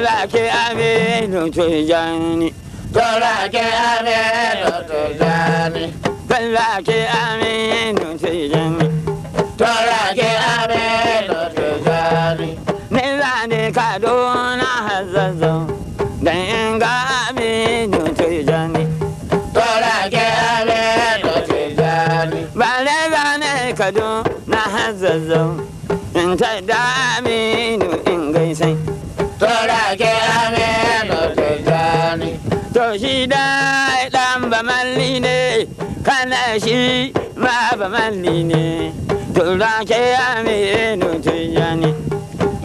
Torake Aminu Tijani. Torake Aminu Tijani. Torake Aminu Tijani. Torake Aminu Tijani. Nila ne Kaduna Hazazo. Dan inga Aminu Tijani. Torake Aminu Tijani. Bale zane Kaduna Hazazo. In ta da Aminu in gaisai. tora ke aminu tijani to shi dai dan bamalli ne kana shi ma bamalli ne tora ke aminu tijani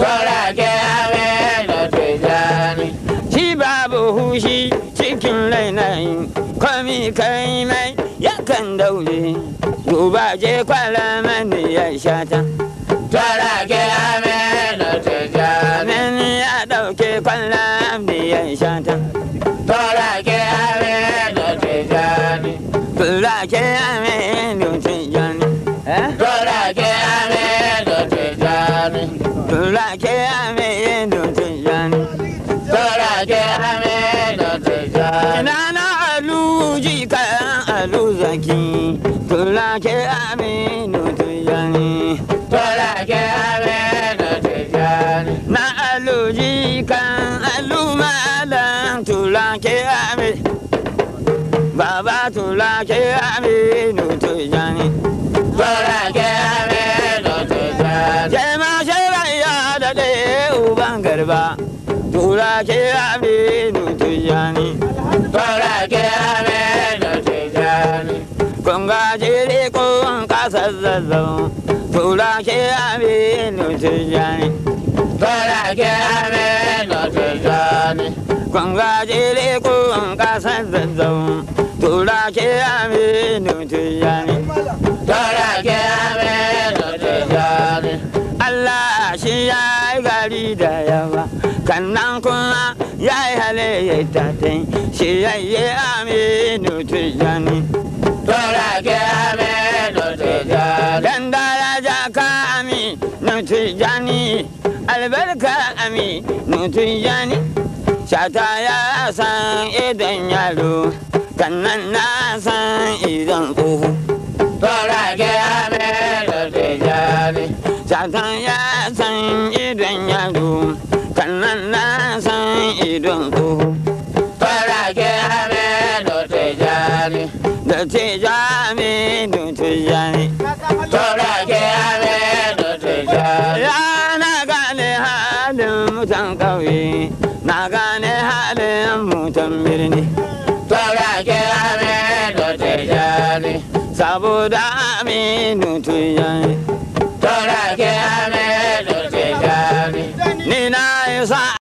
tora ke aminu tijani shi babu hushi cikin rainayin komi kai mai ya yakan daure duba je kwalaman ya shata tora turake aminu aminu tijani turake aluji kayan aluzaki Abatula ke Aminu Tijani. Bala ke Aminu Tijani. Jema sheba ya dade uban garba. Tula ke Aminu jani Bala ke Aminu jani. Kunga jiri kun kasa zazzau. Tula ke Aminu jani Bala ke Aminu jani. Kunga jiri kun kasa zazzau. tura ke aminu tijani tura ke aminu yani. Allah shi ya yi gari da yawa kannan kuma ya yi halayyata ta shi ya yi aminu yani. tura ke aminu tijani dan daraja ka aminu tijani albarka aminu yani. shata ya san idan yaro kannan na san idan tsohu tora ke ame da tejani sakan ya san idan yaro kannan na san idan tsohu tora ke ame da tejani da tejani da tejani tora ke ame da tejani ya na gane halin mutan kauye na gane halin mutan birni tora kirare da tijani saboda aminu tujani tora kirare da tijani ni na isa